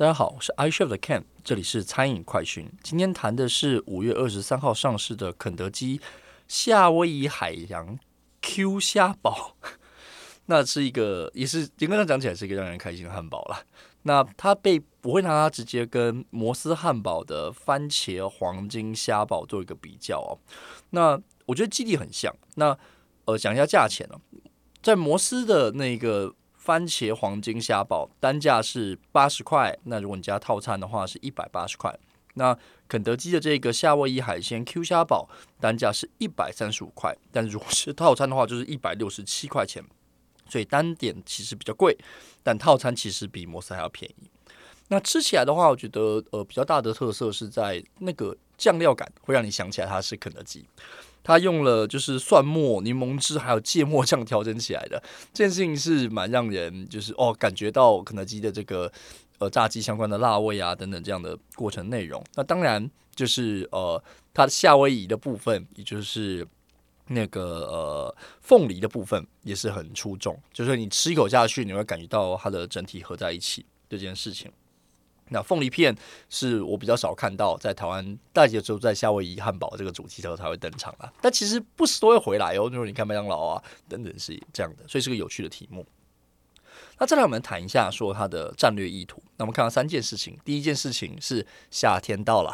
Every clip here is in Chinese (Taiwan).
大家好，我是 iCHEF 的 Ken，這裡是餐飲快訊。今天談的是五月二十三號上市的肯德基夏威夷海洋 Q 蝦堡，那是一個也是剛剛講起來是一個讓人開心的漢堡啦。那它被我會拿它直接跟摩斯漢堡的番茄黃金蝦堡做一個比較哦。那我覺得質地很像。那呃，講一下價錢哦，在摩斯的那個。番茄黃金蝦堡單價是八十塊，那如果你加套餐的話是一百八十塊。那肯德基的這個夏威夷海鮮 Q 蝦堡單價是一百三十五塊，但如果是套餐的話就是一百六十七塊錢。所以單點其實比較貴，但套餐其實比摩斯還要便宜。那吃起來的話，我覺得呃比較大的特色是在那個醬料感，會讓你想起來它是肯德基。他用了就是蒜末、檸檬汁還有芥末醬調整起來的。這件事情是蠻讓人就是哦感覺到肯德基的這個呃炸雞相關的辣味啊等等這樣的過程內容。那當然就是呃它的夏威夷的部分，也就是那個呃鳳梨的部分也是很出眾，就是你吃一口下去，你會感覺到它的整體合在一起這件事情。那鳳梨片是我比較少看到，在台灣大家只有在夏威夷漢堡這個主題的時候，才會登場啦。但其實不時，都會回來哦，就是你看麥當勞啊等等是這樣的，所以是個有趣的題目。那再來我們談一下說它的戰略意圖。那我們看到三件事情，第一件事情是夏天到了，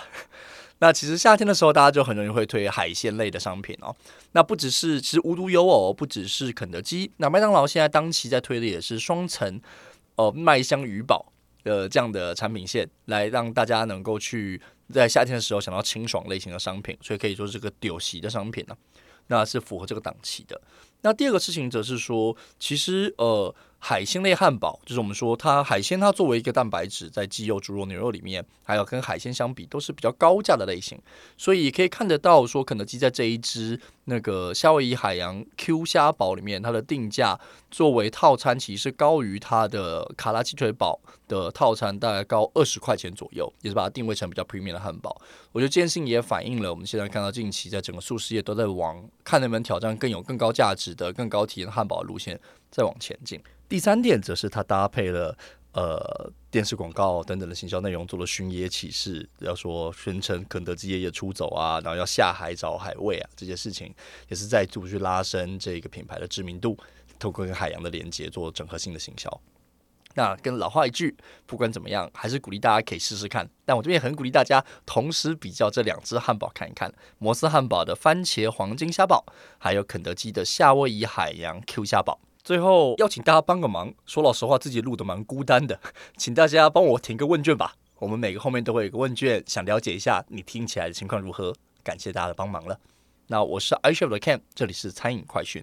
那其實夏天的時候大家就很容易會推海鮮類的商品哦。那不只是其實無獨有偶，不只是肯德基，那麥當勞現在當期在推的也是雙層哦，麥香魚堡。呃，這樣的產品線來讓大家能夠去在夏天的時候想到清爽類型的商品，所以可以說是這個調性的商品呢、啊，那是符合這個檔期的。那第二個事情則是說，其實呃，海鮮類漢堡就是我們說它海鮮，它作為一個蛋白質，在雞肉、豬肉、牛肉裡面，還有跟海鮮相比，都是比較高價的類型。所以也可以看得到，說肯德基在這一只那個夏威夷海洋 Q 蝦堡裡面，它的定價作為套餐，其實是高於它的卡拉雞腿堡的套餐，大概高二十塊錢左右，也是把它定位成比較 premium 的漢堡。我覺得這件事情也反映了，我們現在看到近期在整個速食業都在往看能不能挑戰更有更高價值。的更高體驗漢堡的路線再往前進。第三點則是它搭配了呃電視廣告等等的行銷內容，做了尋爺啟事，要說宣稱肯德基爺爺出走啊，然後要下海找海味啊這些事情，也是在逐步去拉升這個品牌的知名度，透過跟海洋的連接做整合性的行銷。那跟老話一句，不管怎麼樣，還是鼓勵大家可以試試看。但我這邊也很鼓勵大家同時比較這兩隻漢堡看一看，摩斯漢堡的番茄黃金蝦堡，還有肯德基的夏威夷海洋 Q 蝦堡。最後邀請大家幫個忙，說老實話，自己錄的蠻孤單的，請大家幫我填個問卷吧。我們每個後面都會有個問卷，想了解一下你聽起來的情況如何。感謝大家的幫忙了。那我是 iCHEF 的 Ken，這裡是餐飲快訊。